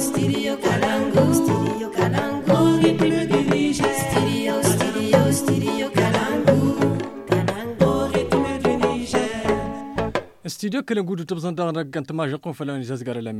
Studio Kalangu. Studio Kalangu. Au rythme du Niger Studio, studio, studio rythme du Niger. Studio Kalangu du la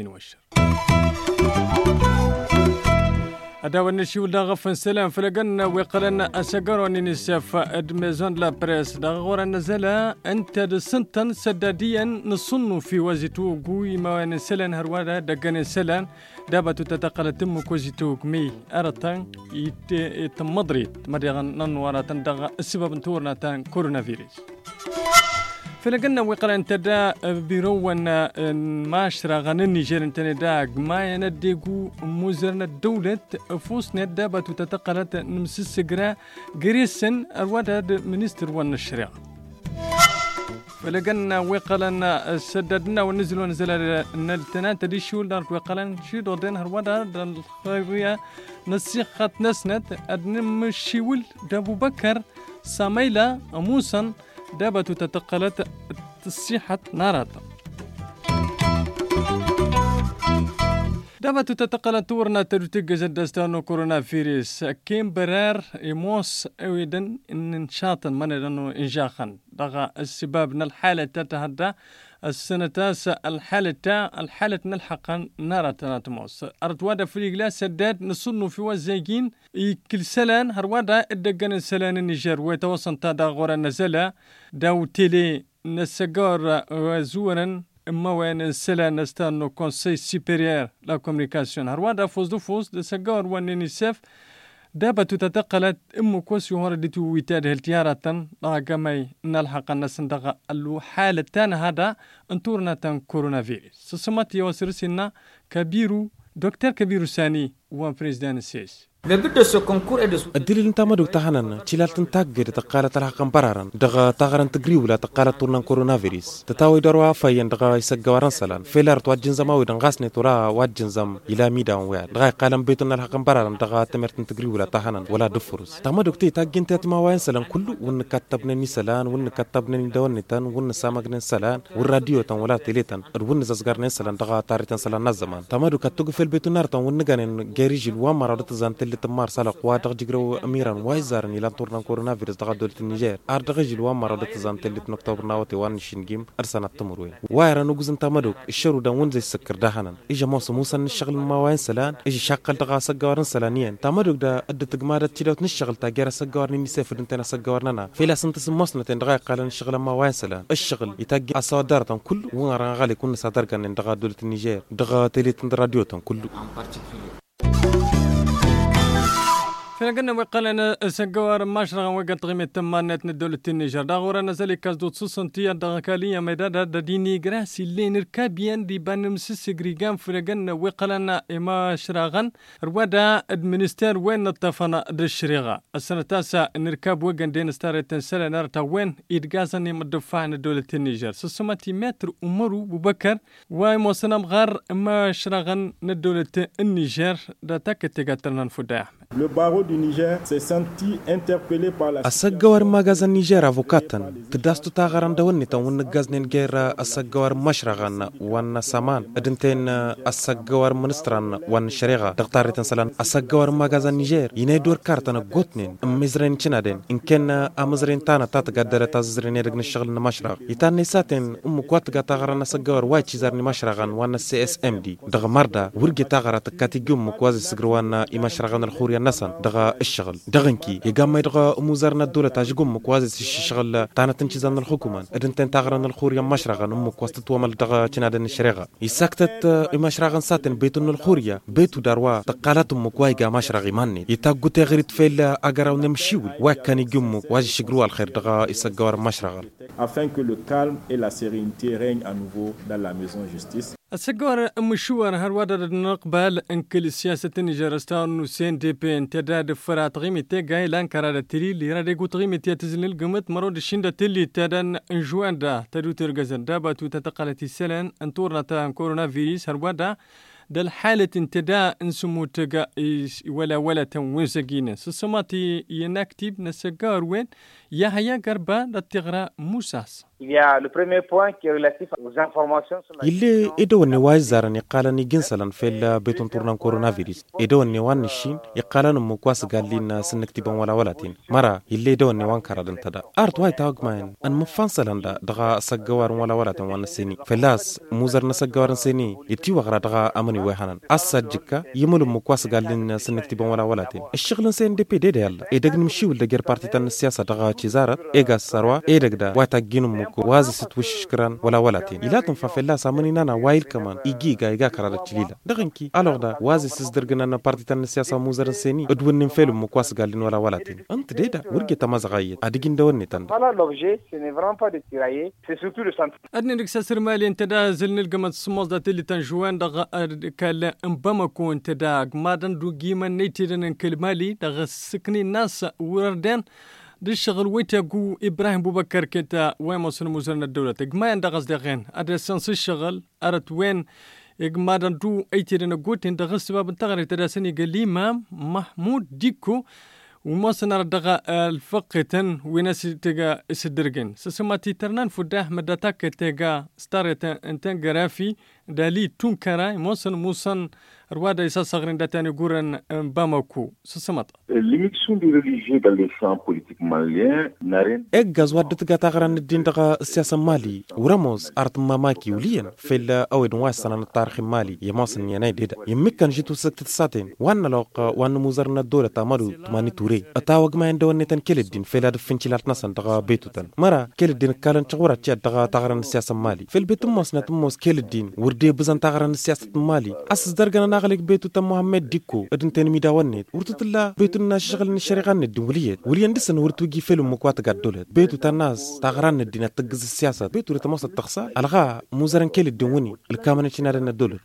أدوان نشيو دا غفن سلام فلقنا ويقلنا أسقرون نساف أدميزون لا بريس دا غورا نزلا أنت دسنتن سداديا نصنو في وزيتو قوي ما نسلان هروانا دقان سلان دابا تتقل تم كوزيتو مي أرتان يتمضري مدريد مدريد ننوارا تندغ السبب نتورنا تان كورونا فيروس فلقنا وقرا وقران تدا بيرونا ماشرا غنن انت دا آه، ما ينديكو مزرنا الدولة فوس ندا باتو تتقلت نمسس قرا قريسن الواد منستر ون الشريعة فلقنا وقلنا سددنا ونزلوا نزل نلتنا تدي شول دار وقلنا شي دودين هروادا الخيرية نسيقت نسنت أدنى مشيول دابو بكر ساميلا موسن دابا تتقلت تصيحة ناراتا دابا تتقل تورنا ترتق جدستانو كورونا فيروس كيم برار إموس أويدن إن شاطن من إنه إنجاخن دغا السباب الحالة تتهدى السنة تاسع الحالة تا الحالة نلحقا نارا تناتموس في فريقلا سداد نصنو في وزاقين كل سلان هروادا الدقان سلان النيجر ويتوصن تا دا غورا نزلا داو تيلي نسجار زورا اما وين السلا نستانو كونسي سيبيريير لا كوميونيكاسيون هرواد فوز دو فوز دا دسقار وان نيسيف دابا تتقلت ام كوس يهور دي تو ويتاد هلتيارة راقمي نلحق نسندغ اللو حالة تان هذا انتورنا تان كورونا فيروس سسمت يوسرسنا كبيرو دكتور كبيرو ساني وان بريزدان السيس الدليل انت ما دوك تهانن تشيلات تنتاغر تقالة الحقن برارن دغا تغرن تقريولا تقالة تورنان كورونا فيروس تتاوي دروا فاين دغا يسقوارن سلان فيلار تواجن زماوي دنغاسني تورا واجن زم الى ميدا ويا دغا قالن بيتن الحقن برارن دغا تمرتن تقريولا تهانن ولا دفرس تما دوك تي تاغين تاتما وين سلان كلو ون كتبنني سلان ون كتبنني دون تن ون سامغن سلان والراديو تن ولا تيليتن ون ززغرن سلان دغا تاريتن سلان نزمان تما دوك تتوغ في البيتن نارتن ون غانن غيريجل ومرادت زانتل اللي تمار سلق وادغ جيرو اميرا ني لان تورنا كورونا فيروس دغ دولت النيجر اردغ ارتغ جلوا مرض تزان تلت نكتوبر ناوتي وان شينجيم ارسنا التمروين وايرا غزن تمدوك الشرو دا ونز السكر دهنن اجا موس موسن الشغل ما وين سلان اجا شقل دغ سغارن سلانيان تمدوك دا اد تغمار تيلوت نشغل تا غير سغارن نسافر انتنا سغارننا فيلا سنت سموس نتن دغ قالن الشغل ما وين سلان الشغل يتاج تن كل وان غالي كون سادرغن دغ دولت النيجر دغ تيلي تن تلت راديوتن كله فين قلنا ويقال انا سنقوار ماشرا وقال تغيمي تمانات ندول التنيجر دا غورا نزالي كاز دوت سوسنتيا دا غكاليا ميدا دا دا ديني غراسي اللي نركابيان دي بان مسس غريغان فين قلنا ويقال انا اما شراغان روادا ادمنستير وين نطفنا دا الشريغا السنة تاسا نركاب وقن دين ستار تنسل نارتا وين إدقازن يمدفع ندول التنيجر سسمتي متر أمرو ببكر واي موسنا مغار اما شراغان ندول النيجر دا تاكتي قاتلنا نفداه Le barreau du Niger s'est senti interpellé par la asagawar magazan Niger avukatan tdastu tagaran garanda wonni tan wonni gaznen gera asagawar mashragan wan saman adinten asagawar ministran wan shariga daqtaritan salan asagawar magazan Niger yine dor kartan gotnin mizren chinaden inken amizren tana tat gadara tazren ergn shagl mashrag itan saten um kwat gata garana asagawar wa chizarni mashragan wanna CSMD dagmarda wurge ta katigum kwaz sigrwana imashragan alkhuriya nasan dag الشغل دغنكي يقام يدغى مزارنا الدولة تاجقم مكوازس الشغل تانا تنشيزان الحكومة إدن تنتاغران الخوريا مشرغا نمك وسط ومل دغى تنادن الشريغة يساكتت مشرغا ساتن بيتن الخوريا بيتو داروا تقالات مكوايقا مشرغي ماني يتاقو تغريت فيلا أقراو نمشيول واك كان يقمو واجي شقروا الخير دغى يساقوار مشرغا Afin que le calme et la sérénité règnent à nouveau dans la maison justice. السجوار أم الشوار هروادر نقبل كل سياسة نيجرستان نسين دي بي ان تداد فرات غيمي جاي لان كرار تري لي رادي قوت غيمي تزن القمت مرود الشندة تلي تدان انجوان دا تدو ترغزن داباتو تتقلتي سلن انتورنا تان كورونا فيروس هروادا دل حالة انتداء انسمو تقا ولا ولا سجينة سسماتي ينكتب نسجار وين يا هيا قربان رتغرا موساس Il y a le premier point qui est relatif aux informations sur la Ile edo ne waizara ni qala ni ginsalan fel beton turnan coronavirus. Edo ne wan shin iqalan mu kwas galin sinaktiban wala walatin. Mara ile edo ne wan karadan tada. Art wai tagman an mufansalan da daga saggawar wala walatin wan sini. Felas muzar na saggawar sini iti wagra daga amani wehanan. Assa jikka yimul mu kwas galin sinaktiban wala walatin. Ashghlan sen DPD da yalla. Edagnim shiwul da ger partitan siyasa daga chizarat ega sarwa edagda wai taginum ko waza sit wish shikran wala wala tin ila tun fa fella samani nana wail kaman igi ga iga karara chilila dakhinki alors da waza sisdirgna na parti tan siyasa muzaran seni adwun nim felum mu kwas galin wala wala tin ant deda wurge tamaza gayet adigin da wonni tanda wala lobje ce ne vraiment pas de tirailler c'est surtout le centre adni dik sa mali enta da nil gamat smos da tili tan juan da kala mbama ko enta da gmadan du giman ne tidan kelmali da sikni nasa wurden دشغل الشغل ويتا قو إبراهيم بوبكر كتا وين مصر مزرنا الدولة إجماع يندا غزدي غين أدى سنس الشغل أرت وين إجماع دو أيتيرنا قوت إندا غزدي باب انتغري تداسني قال محمود ديكو ومصنا ردغا الفقتن ويناس تيغا سدرجن سسماتي ترنان فداه مدتاك تغا ستار انتن غرافي دالي تونكرا موسن موسن روادا يسا صغرين داتاني غورن باماكو سسمط l'élection des religieux dans les champs politiques maliens n'a rien اجاز ودت غا تغرن الدين دغا السياسه مالي ورموز ارت ماماكي وليا في الاويد واسن التاريخ مالي يموسن يناي ديدا يمكن جيتو سكت ساتين وانا لوق وان مزرنا الدولة تامرو تماني توري اتاوق ما عندو نتن كل ودي بزن تغرن السياسة مالي أسس درجنا نغلق بيتو تم محمد ديكو أدن تاني ميدا ونيت ورتو تلا بيتو نشغل نشريغان ندن وليت وليان دسن ورتو جي فيلم مكوات قدولت بيتو تناس تغرن الدين تقز السياسة بيتو رتموس التقصى ألغا موزرن كيل الدنوني الكامنة شنارن الدولت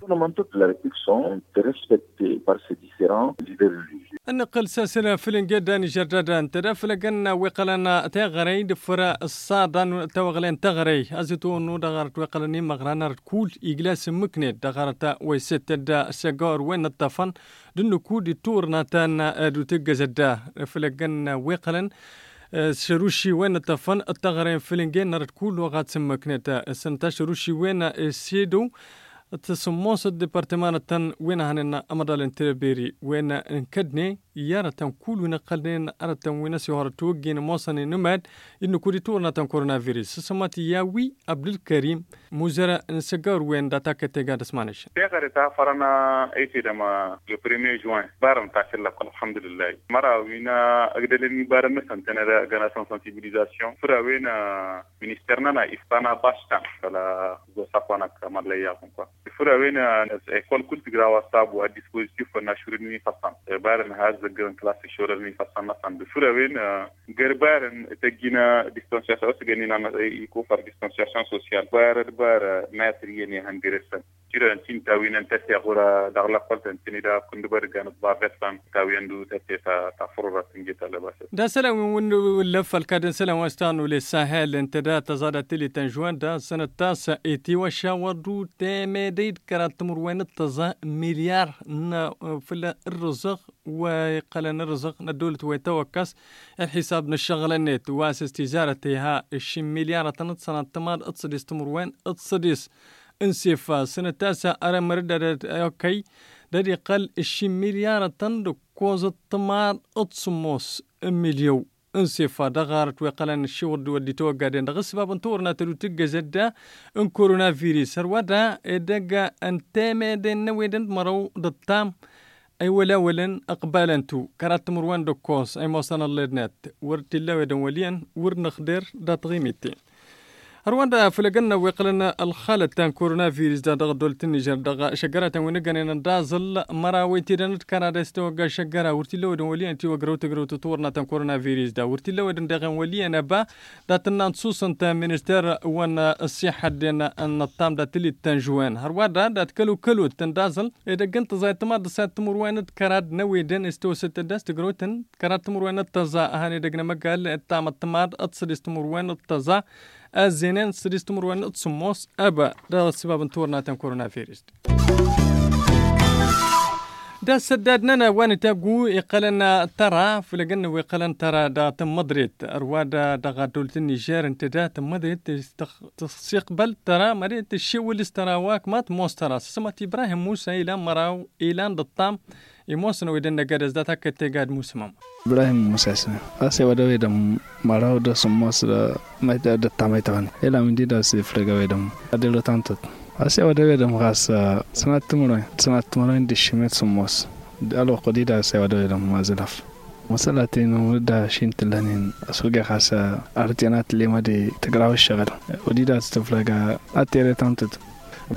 نقل سلسلة فيلم جدا جردان تدفل قلنا وقلنا تغري دفرا الصادن توغلين تغري أزيتو نو دغرت وقلني مغرانا كول إجلاس مكنت دغرت ويست دا سجار وين الطفن دنو كود تورنا تانا دو تجزدا فلقنا وقلن شروشي آه، وين الطفن التغرين فيلم جدا نرد كول وغات سمكنت سنتا شروشي وين سيدو تسموس الديبارتمان التن وين هننا أمر الانتربيري وين انكدني يارا تن كل نقلنا أرتن وين سيهار توجين موصني نمد إنه كوري تورنا تن كورونا فيروس سماتي ياوي عبد الكريم مزرع نسجار وين داتا كتجا دسمانش تغير تا فرنا ايتي دما لو بريمي جوان بارم تاكل لك الحمد لله مرا وينا أقدلني بارم مثلا تنا دا غانا سنسيبيليزاسيون فرا وينا منسترنا نا إفطانا باشتا فلا زوسا كوانا كمال ليا كونكوا فرا وين انا اكل كنت جرا واستاب و ديسبوزيتيف فور ناشورني فصان بارن هاز ذا جراند كلاس شورني فصان فصان فرا وين غير بارن تجينا ديستانسياسيون اوس جنينا ما يكون فار ديستانسياسيون سوسيال بار بار ماتري يعني هندرسن تيران تين تاوين ان تي غورا دغلا قلت انت نيدا كنت بار كان بافسان تاوين دو تي تا تفرر تنجيت على باس دا سلام ون لف الكادن سلام واستان ولي ساهل انت تزادت لي تنجوان دا سنه تاس اي تي وشاور دو تيمي دايد كراتمر وين التزا مليار نا آه، فلا الرزق وقال الرزق ندولت ويتوكس الحساب نشغل النت واسس تجارتها الشي مليار تنت سنة تمار اتصديس تمر وين اتصديس انسفا سنة تاسع أرى مرد أوكي دادي قل الشي مليار تندك كوز التمار اتصموس مليو انسفا دغار تويقلن الشور دو دي تو دين دغس باب انتورنا تلو تجا زدا ان كورونا فيروس هرودا ان تامي دين نويدن مرو دتام اي ولا ولن اقبالا تو كرات مروان دو كوس اي موصنا الليدنات ورتي اللاوي دن وليان ورنخدر دات غيميتين رواندا فلقنا ويقلنا الخالد تان كورونا فيروس دا دغ دولت النيجر دغ شجرة تان ونقن ان دازل مرا ويتي دانت كندا استوغا شجرة ورتي لو دن ولي انتي وقرو تقرو تطورنا تان كورونا فيروس دا ورتي لو دن دغ ولي انا با تنان نصوصا تان منستر وان الصحة ان النطام دا تلي تان جوان هرواندا دا تكلو كلو تان دازل اذا كنت زي تماد سات تمر وانت كراد نوي دن استو ست داس تقرو تن كراد تمر وانت تزا هاني دقنا مقال تام التماد اتصل استمر وانت تزا azenen sristum ابا utsumos aba da sibabun كورونا coronavirus دا سدادنا وان تابقو يقلنا ترى فلقنا ويقلن ترى دا تم مدريد أروادا دا غادول تنجير انت دا تم مدريد تستقبل ترى مريد اللي استراواك مات موس ترى سمات إبراهيم موسى إلى مراو إلى دطام يموسنو إذا نجد إذا تكت تجاد موسمم إبراهيم موسى سنة أسي ودا ويدا مراو دا سموس دا ما دا دا تامي تان إلا من دي دا سيفرق ويدا أدلو تانتت أسي ودا ويدا مغاس سنة تمرين سنة تمرين دي شميت سموس ألو قدي دا سي ودا ودا شين تلانين أسوقي خاصة أرتينات اللي ما دي تقراو الشغل ودي دا تفرق أتيري تانتت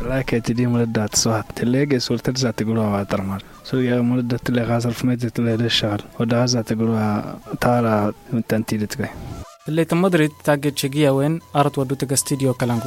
لاكي تدي مردات سوات تلاقي سورتر زاتي قلوها واترمال سوريا مردة تلا غازل فميتة تلا للشهر ودا غازة تقولها تارا من تنتيل تقري اللي تمدري تاجد شجية وين أرت ودو تقا كلانجو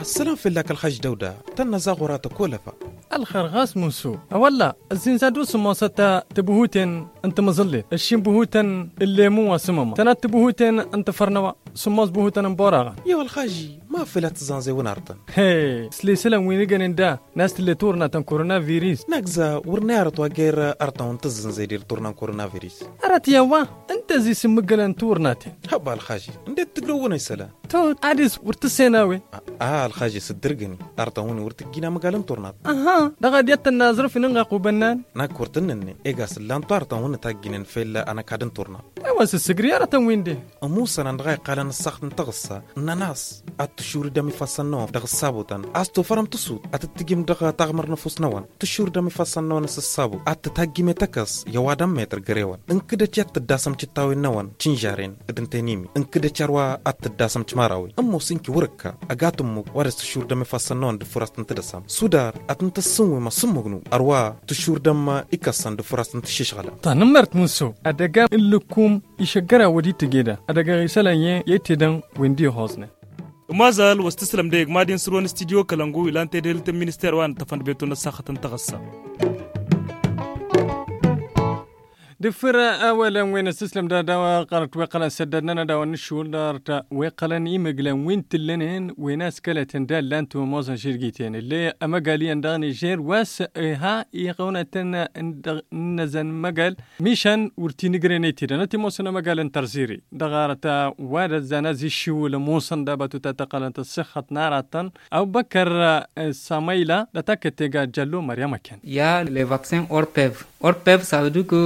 السلام في لك الخج دودة تنا زاغورات كولفة الخرغاس موسو ولا الزنزان دوس موسطة تبهوتين انت مظلي الشين بهوتين اللي مو سمم تنات تبهوتين انت فرنوا سماز بوه تنم تنمبورا يا الخاجي ما فلت زانزي ونارتن هي سلسلة وين كان دا ناس اللي تورنا تن كورونا فيروس نكزا ورنارت وغير ارتون تزن زي دير تورنا كورونا فيروس ارات وا انت زي سمكلان تورناتي هبا الخاجي انت تقلو ونسلا تو اديس ورتسيناوي آه. aa alhaji siddirgini artahuni wurtigina magalim tornat aha dagadiyattana zurfininga qubannan nak kurtinninni egasillanto artahuni tagginin fella anakadin torna ewan sisigriyara tanwinde amusana ndagai qalan saktin tagissa nanas attushuri dami fassannawaf dagissabutan asto faram tusud atittigim daga tagmar nafusnawan tushuri dami fassannawan sissabu attitaggime takas yawadan metr garewan inkidach yattidasam cittawinnawan cinjaren idintenimi inkidacharwa attidasam cimarawi ammo sinki wurikka agatu mu wara su shurda fasa non da furastanta da sam sudar atanta sunwe ma summugnu arwa tu shurda ma ikasan da shish gala ta namart muso adaga illukum ishagara wadi tigeda adaga isalanye dan wendi hosne mazal tislam deg madin surwan studio kalangu ilante delta minister wan tafan betuna sakhatan tagassa دفر أولا وين استسلم دا دا قرت وقلا سددنا دا ونشول دارتا وقلا يمقلا وين تلنين وين اسكلت دا لانتو موزا شرقيتين اللي أما قاليا دا جير واس ها يقونا تنا نزن مقال ميشان ورتي نقرينيتي دا نتي موسن مقال انترزيري دا غارتا وادا زانا زي شول موسن دا باتو تتقل انت صحة نارتا أو بكر آه، ساميلا دا تاكتيغا جلو مريم كان يا لي فاكسين أوربيف أوربيف ça veut dire que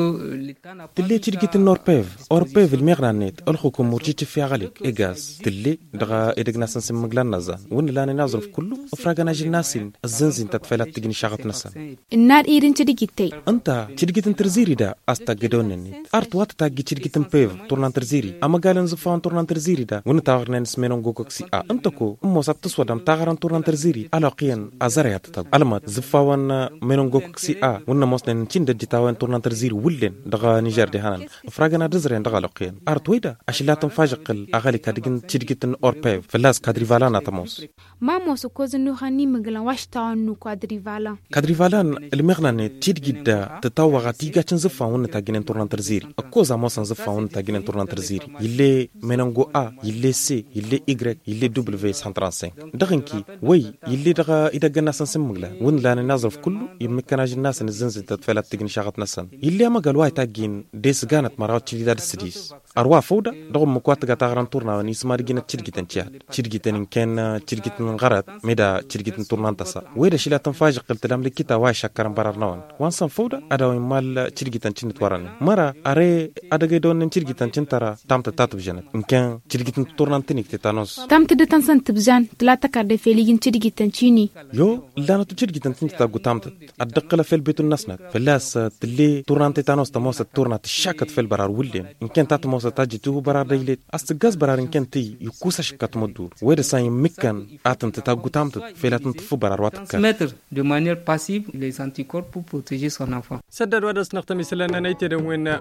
تلي تلقي النوربيف أوربيف الميغرانيت الخوكم مرجي تفيا غاليك إيغاز تلي دغا إيدك ناس نسمك لان نزان ون لاني نازل في كله أفراغ أنا جي ناسين الزنزين تتفيلات تجيني شاغت نسان النار إيرين تي أنت تلقي انترزيري دا أستا قدونني أرت وات تاقي تلقي تنبيف تورنان ترزيري أما قالن زفان تورنان ترزيري دا ون تاغرنا نسمينون غوكوكسي أ آه، أنتكو أمو ساتسودا متاغران تورنان ترزيري ألاقيا أزاريا تتاق ألمات زفاوان منون غوكوكسي أ آه، ون موسنا نتين دا جتاوان تورنان ترزيري ولين دغا نيجر دي هانن فراغنا دزرين دغا لقين ارض ويدا اش لا تنفاجق الاغالي كادغن تشدغتن اوربي فلاس كادري فالانا تموس ما موس كوز نو هاني مغلا واش تاون نو كادري فالا كادري فالان المغنى تشدغدا تتاوغا تيغا تنزفا ون تاغين تورن ترزيري كوزا موس نزفا ون تاغين تورن ترزيري يلي مينانغو ا يلي سي يلي ايغريك يلي دبليو 135 دغنكي وي يلي دغا اذا قلنا سنسمغلا ون لا نازل في كله يمكن اجي الناس نزنزل تتفلات تغني شغط نسن يلي ما قال وايد tagin des ganat marat tilidad sidis arwa fawda dago mukwat ga tagran turna ni smar gina cirgitan ciya cirgitan ken cirgitan garat meda cirgitan turnan tasa weda shila tan faji qiltilam likita wa shakaran barar nawan wansan fawda adaw mal cirgitan cin twaran mara are adaga don cirgitan cin tara tamta tatub janat ken cirgitan turnan tinik tetanos tamta de tan san tibjan tlata karde feligin cirgitan cini yo lana tu cirgitan cin ta gutamta addaqla fel bitun nasnat felas tilli turnan tetanos tamosa turnat shakat fel barar wullin in ken tatmosa sa ta jitu bara dailet asta gas bararin kenti yu kusa shikat muddu weda sa yin mikkan atin ta gutam ta felatin tufu barar wat kan mettre de manière passive les anticorps pour protéger son enfant saddad wada snaqtami silana nayti dan wena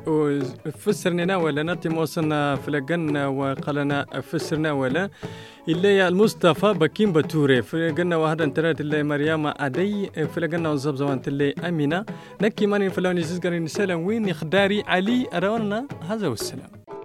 fissirna wala nati mosana flaganna wa qalana fissirna wala إلا المصطفى بكين بتوري فلقنا واحد انترنت اللي مريم أدي فلقنا وزبزوان اللي أمينة نكي ماني فلان يزيز قرين سلام وين يخداري علي أروانا هذا والسلام